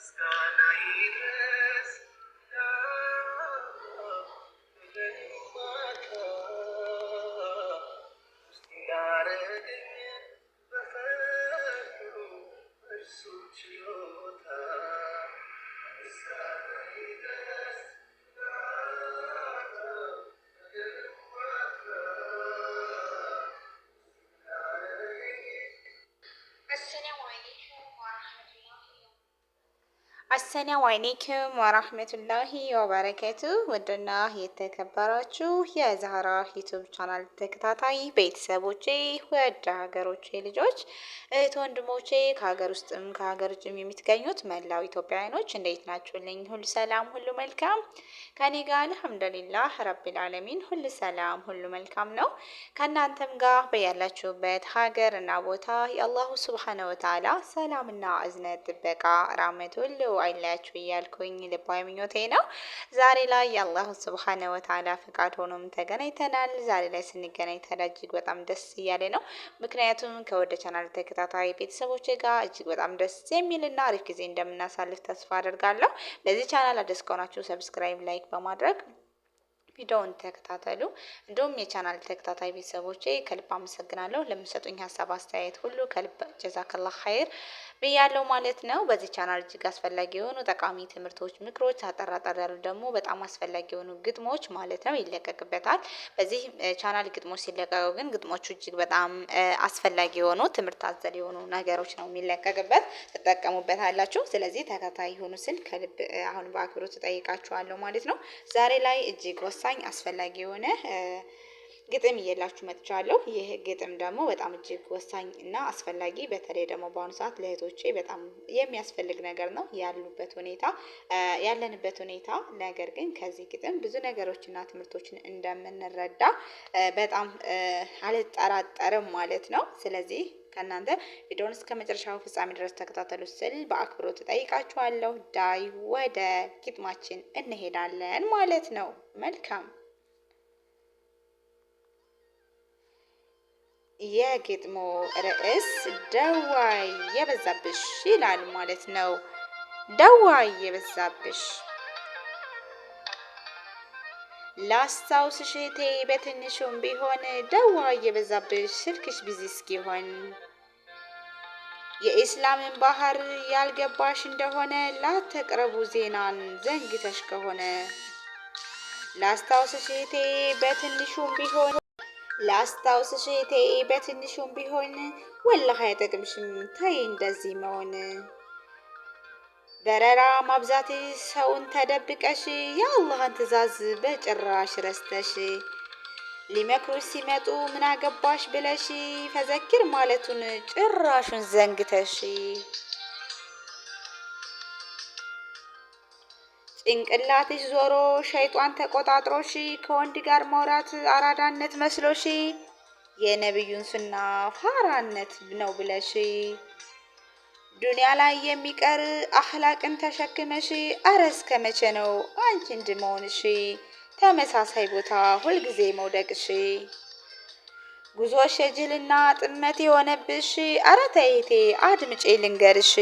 gonna eat it. አሰላሙ አሌይኩም ወራህመቱላሂ ወበረከቱ። ውድና የተከበራችሁ የዛህራ ዩቱብ ቻናል ተከታታይ ቤተሰቦቼ፣ ወደ ሀገሮቼ ልጆች እህት ወንድሞቼ፣ ከሀገር ውስጥም ከሀገር ውጭም የምትገኙት መላው ኢትዮጵያውያኖች እንዴት ናችሁልኝ? ሁሉ ሰላም፣ ሁሉ መልካም ከኔ ጋር አልሐምዱሊላህ ረቢል ዓለሚን ሁሉ ሰላም፣ ሁሉ መልካም ነው። ከእናንተም ጋር በያላችሁበት ሀገር እና ቦታ የአላሁ ስብሓነ ወተዓላ ሰላምና እዝነት ጥበቃ ራመቱል አይለያችሁ እያልኩኝ ልባዊ ምኞቴ ነው። ዛሬ ላይ የአላሁ ስብሓነ ወተዓላ ፍቃድ ሆኖም ተገናኝተናል። ዛሬ ላይ ስንገናኝ ታዲያ እጅግ በጣም ደስ እያለ ነው። ምክንያቱም ከወደ ቻናል ተከታታይ ቤተሰቦች ጋር እጅግ በጣም ደስ የሚልና አሪፍ ጊዜ እንደምናሳልፍ ተስፋ አደርጋለሁ። ለዚህ ቻናል አዲስ ከሆናችሁ ሰብስክራይብ፣ ላይክ በማድረግ ቪዲዮውን ተከታተሉ። እንዲሁም የቻናል ተከታታይ ቤተሰቦቼ ከልብ አመሰግናለሁ። ለምሰጡኝ ሀሳብ አስተያየት ሁሉ ከልብ ጀዛከላ ኸይር ብያለው ማለት ነው። በዚህ ቻናል እጅግ አስፈላጊ የሆኑ ጠቃሚ ትምህርቶች፣ ምክሮች፣ አጠራጠር ያሉ ደግሞ በጣም አስፈላጊ የሆኑ ግጥሞች ማለት ነው ይለቀቅበታል። በዚህ ቻናል ግጥሞች ሲለቀቁ ግን ግጥሞቹ እጅግ በጣም አስፈላጊ የሆኑ ትምህርት አዘል የሆኑ ነገሮች ነው የሚለቀቅበት፣ ትጠቀሙበት አላችሁ። ስለዚህ ተከታይ የሆኑ ስል ከልብ አሁን በአክብሮት ትጠይቃችኋለሁ ማለት ነው። ዛሬ ላይ እጅግ ወሳኝ የሚያወጣኝ አስፈላጊ የሆነ ግጥም እየላችሁ መጥቻለሁ። ይህ ግጥም ደግሞ በጣም እጅግ ወሳኝ እና አስፈላጊ በተለይ ደግሞ በአሁኑ ሰዓት ለእህቶቼ በጣም የሚያስፈልግ ነገር ነው። ያሉበት ሁኔታ ያለንበት ሁኔታ ነገር ግን ከዚህ ግጥም ብዙ ነገሮችና ትምህርቶችን እንደምንረዳ በጣም አልጠራጠርም ማለት ነው። ስለዚህ ከእናንተ ቪዲዮውን እስከ መጨረሻው ፍጻሜ ድረስ ተከታተሉ ስል በአክብሮት ተጠይቃችኋለሁ። ዳይ ወደ ግጥማችን እንሄዳለን ማለት ነው። መልካም የግጥሙ ርዕስ ደዋይ የበዛብሽ ይላል ማለት ነው። ደዋይ የበዛብሽ ላስታውስሽ እህቴ፣ በትንሹም ቢሆን ደዋ እየበዛብሽ ስልክሽ ቢዚ እስኪሆን የኢስላምን ባህር ያልገባሽ እንደሆነ ላተቅረቡ ዜናን ዘንግተሽ ከሆነ ላስታውስሽ እህቴ፣ በትንሹም ቢሆን ላስታውስሽ እህቴ፣ በትንሹም ቢሆን ወላሂ አይጠቅምሽም ታይ እንደዚህ መሆን በረራ ማብዛት ሰውን ተደብቀሽ የአላህን ትዕዛዝ በጭራሽ ረስተሽ ሊመክሩሽ ሲመጡ ምን አገባሽ ብለሽ ፈዘኪር ማለቱን ጭራሹን ዘንግተሽ ጭንቅላትሽ ዞሮ ሸይጧን ተቆጣጥሮሽ ከወንድ ጋር ማውራት አራዳነት መስሎሽ የነቢዩን ሱና ፋራነት ነው ብለሽ ዱንያ ላይ የሚቀር አህላቅን ተሸክመሽ አረ እስከ መቼ ነው አንቺ እንድመሆንሽ ተመሳሳይ ቦታ ሁልጊዜ መውደቅሽ ጉዞሽ የጅልና ጥመት የሆነብሽ አረ ተይቴ አድምጬ ልንገርሽ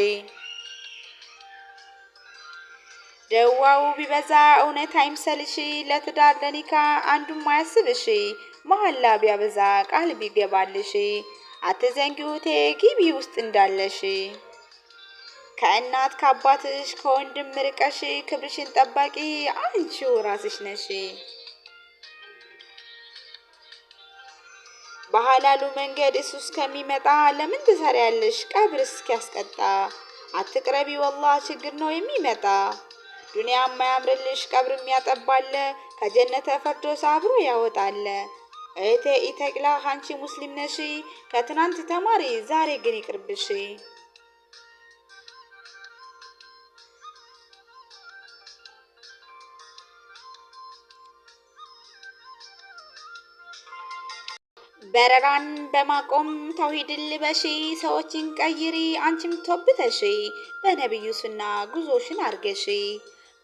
ደዋው ቢበዛ እውነት አይምሰልሽ ለትዳር ለኒካ አንዱም አያስብሽ መሀላ ቢያበዛ ቃል ቢገባልሽ አትዘንጊውቴ ግቢ ውስጥ እንዳለሽ ከእናት ከአባትሽ ከወንድም ርቀሽ ክብርሽን ጠባቂ አንቺው ራስሽ ነሽ። ባህላሉ መንገድ እሱ እስከሚመጣ ለምን ትሰሪያለሽ ቀብር እስኪያስቀጣ? አትቅረቢ ወላ ችግር ነው የሚመጣ። ዱንያ የማያምርልሽ ቀብርም ያጠባለ ከጀነተ ፈርዶስ አብሮ ያወጣለ። እህቴ ኢተቅላ አንቺ ሙስሊም ነሽ፣ ከትናንት ተማሪ ዛሬ ግን ይቅርብሽ። በረራን በማቆም ተውሂድን ልበሺ፣ ሰዎችን ቀይሪ፣ አንቺም ቶብተሺ፣ በነቢዩ ሱና ጉዞሽን አርገሺ።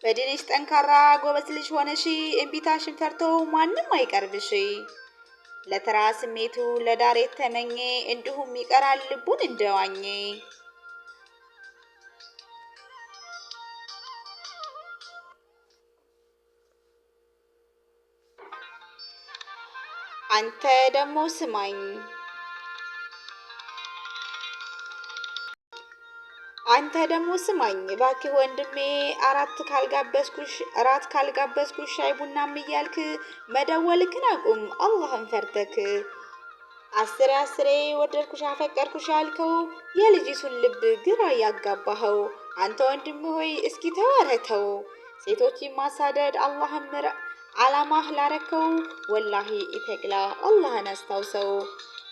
በድንሽ ጠንካራ ጎበዝ ልጅ ሆነሺ፣ እምቢታሽን ፈርቶ ማንም አይቀርብሺ። ለተራ ስሜቱ ለዳር የተመኘ እንዲሁም ይቀራል ልቡን እንደዋኘ። አንተ ደግሞ ስማኝ። አንተ ደግሞ ስማኝ እባክህ ወንድሜ፣ አራት ካልጋበዝኩሽ እራት ካልጋበዝኩሽ ሻይ ቡናም እያልክ መደወልክን አቁም። አላህን ፈርተክ አስሬ አስሬ ወደድኩሽ አፈቀርኩሽ ያልከው የልጅቱን ልብ ግራ ያጋባኸው አንተ ወንድሜ ሆይ እስኪ ተዋረተው። ሴቶችን ማሳደድ አላህን ዓላማህ ላረከው ወላሂ ኢተቅላ አላህን አስታውሰው።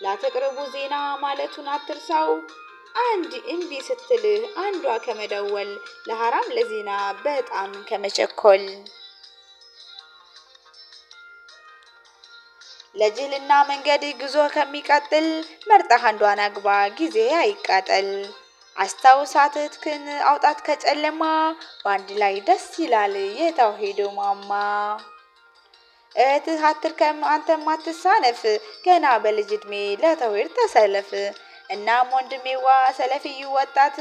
ላተቅርቡ ዜና ማለቱን አትርሳው። አንድ እንቢ ስትልህ አንዷ ከመደወል ለሐራም ለዜና በጣም ከመቸኮል ለጅልና መንገድ ጉዞ ከሚቀጥል መርጠህ አንዷን አግባ ጊዜ አይቃጠል። አስታውሳት እህትክን አውጣት ከጨለማ በአንድ ላይ ደስ ይላል የተውሂዱ ማማ። እህትህ አትርከም አንተ ማትሳነፍ ገና በልጅ እድሜ ለተውሂድ ተሰለፍ። እናም ወንድሜዋ ሰለፊዩ ወጣት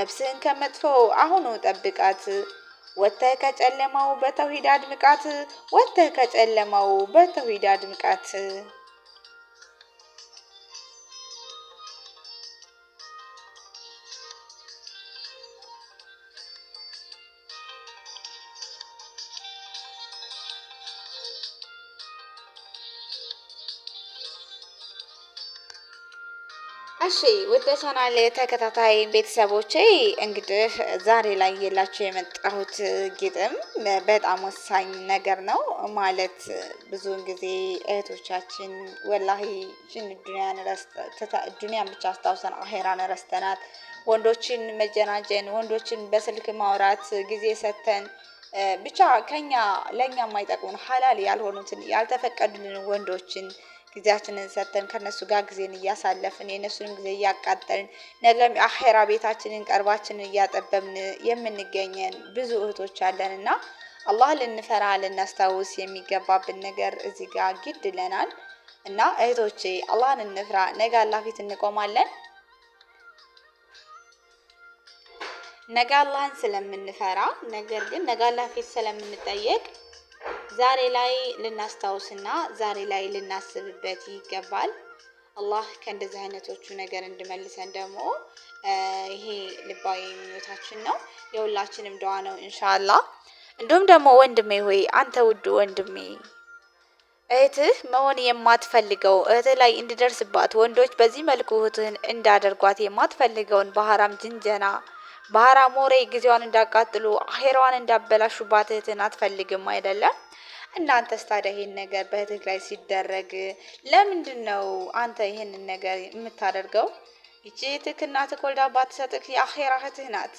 ነፍስህን ከመጥፎ አሁኑ ጠብቃት። ወጥተህ ከጨለማው በተውሂድ አድምቃት። ወጥተህ ከጨለማው በተውሂድ አድምቃት። ውድ ቻናል ተከታታይ ቤተሰቦቼ እንግዲህ ዛሬ ላይ የላችሁ የመጣሁት ግጥም በጣም ወሳኝ ነገር ነው። ማለት ብዙውን ጊዜ እህቶቻችን ወላሂ ዱኒያን ብቻ አስታውሰን አሄራን ረስተናት፣ ወንዶችን መጀናጀን፣ ወንዶችን በስልክ ማውራት ጊዜ ሰተን ብቻ ከኛ ለእኛ የማይጠቅሙን ሀላል ያልሆኑትን ያልተፈቀዱልን ወንዶችን ጊዜያችንን ሰጥተን ከእነሱ ጋር ጊዜን እያሳለፍን የእነሱንም ጊዜ እያቃጠልን ነገም አኼራ ቤታችንን ቀርባችንን እያጠበብን የምንገኘን ብዙ እህቶች አለን እና አላህ ልንፈራ ልናስታውስ የሚገባብን ነገር እዚህ ጋር ግድ ይለናል እና እህቶቼ አላህን እንፍራ። ነገ አላህ ፊት እንቆማለን። ነገ አላህን ስለምንፈራ ነገር ግን ነገ አላህ ፊት ስለምንጠየቅ ዛሬ ላይ ልናስታውስና ዛሬ ላይ ልናስብበት ይገባል። አላህ ከእንደዚህ አይነቶቹ ነገር እንድመልሰን ደግሞ ይሄ ልባዊ ምኞታችን ነው፣ የሁላችንም ደዋ ነው እንሻላ። እንዲሁም ደግሞ ወንድሜ ሆይ አንተ ውድ ወንድሜ እህትህ መሆን የማትፈልገው እህትህ ላይ እንድደርስባት ወንዶች በዚህ መልኩ እህትህን እንዳደርጓት የማትፈልገውን ባህራም ጅንጀና ባህራም ወሬ ጊዜዋን እንዳቃጥሉ አሄራዋን እንዳበላሹባት እህትህን አትፈልግም አይደለም? እናንተስ ታዲያ ይሄን ነገር በእህትህ ላይ ሲደረግ ለምንድን ነው አንተ ይህንን ነገር የምታደርገው? ይቺ እህትህ እናትህ ወልዳ ባትሰጥህ የአኼራ እህትህ ናት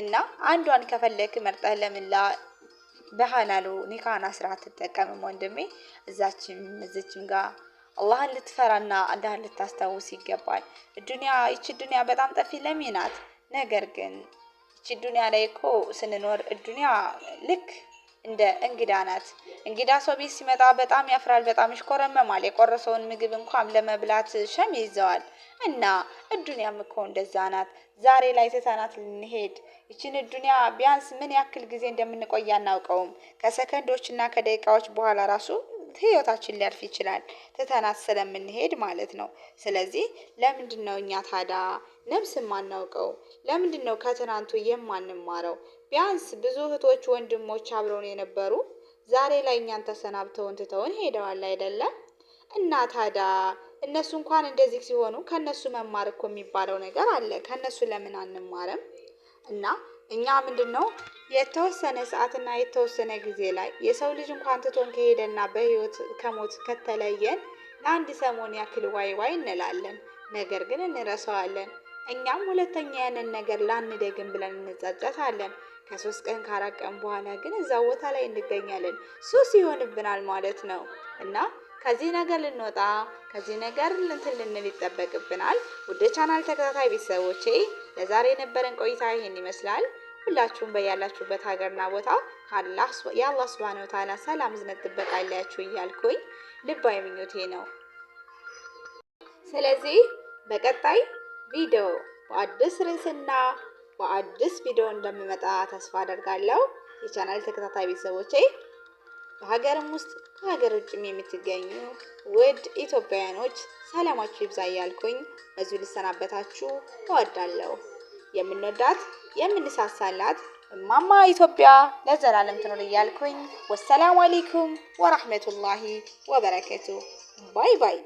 እና አንዷን ከፈለክ መርጠህ ለምላ በሃላሉ ኒካና ስራ ትጠቀምም ወንድሜ። እዛችም እዚችም ጋር አላህን ልትፈራና አላህን ልታስታውስ ይገባል። ዱኒያ ይቺ ዱኒያ በጣም ጠፊ ለሚ ናት። ነገር ግን ይቺ ዱኒያ ላይ እኮ ስንኖር ዱኒያ ልክ እንደ እንግዳ ናት። እንግዳ ሰው ቤት ሲመጣ በጣም ያፍራል፣ በጣም ይሽኮረመማል። የቆረሰውን ምግብ እንኳን ለመብላት ሸም ይዘዋል። እና እዱንያ እኮ እንደዛ ናት። ዛሬ ላይ ትተናት ልንሄድ ይችን እዱንያ ቢያንስ ምን ያክል ጊዜ እንደምንቆይ አናውቀውም። ከሰከንዶችና ከደቂቃዎች በኋላ ራሱ ህይወታችን ሊያልፍ ይችላል፣ ትተናት ስለምንሄድ ማለት ነው። ስለዚህ ለምንድን ነው እኛ ታዳ ነፍስ የማናውቀው? ለምንድን ነው ከትናንቱ የማንማረው? ቢያንስ ብዙ እህቶች ወንድሞች አብረውን የነበሩ ዛሬ ላይ እኛን ተሰናብተውን ትተውን ሄደዋል አይደለም። እና ታዲያ እነሱ እንኳን እንደዚህ ሲሆኑ ከእነሱ መማር እኮ የሚባለው ነገር አለ። ከእነሱ ለምን አንማርም? እና እኛ ምንድን ነው የተወሰነ ሰዓትና የተወሰነ ጊዜ ላይ የሰው ልጅ እንኳን ትቶን ከሄደና በህይወት ከሞት ከተለየን ለአንድ ሰሞን ያክል ዋይ ዋይ እንላለን፣ ነገር ግን እንረሳዋለን። እኛም ሁለተኛ ያንን ነገር ላንደግም ብለን እንጸጸታለን። ከሶስት ቀን ከአራት ቀን በኋላ ግን እዛ ቦታ ላይ እንገኛለን። ሱስ ይሆንብናል ማለት ነው እና ከዚህ ነገር ልንወጣ ከዚህ ነገር እንትን ልንል ይጠበቅብናል። ውድ ቻናል ተከታታይ ቤተሰቦቼ ለዛሬ የነበረን ቆይታ ይሄን ይመስላል። ሁላችሁም በያላችሁበት ሀገርና ቦታ የአላህ ሱብሃነሁ ወተዓላ ሰላም፣ እዝነት፣ ጥበቃ ይለያችሁ እያልኩኝ ልባዊ ምኞቴ ነው። ስለዚህ በቀጣይ ቪዲዮ በአዲስ ርዕስና በአዲስ ቪዲዮ እንደምመጣ ተስፋ አደርጋለሁ። የቻናል ተከታታይ ቤተሰቦቼ በሀገርም ውስጥ ከሀገር ውጭም የምትገኙ ውድ ኢትዮጵያውያኖች ሰላማችሁ ይብዛ እያልኩኝ በዚሁ ልሰናበታችሁ እወዳለሁ። የምንወዳት የምንሳሳላት እማማ ኢትዮጵያ ለዘላለም ትኖር እያልኩኝ ወሰላሙ አሌይኩም ወራህመቱላሂ ወበረከቱ። ባይ ባይ።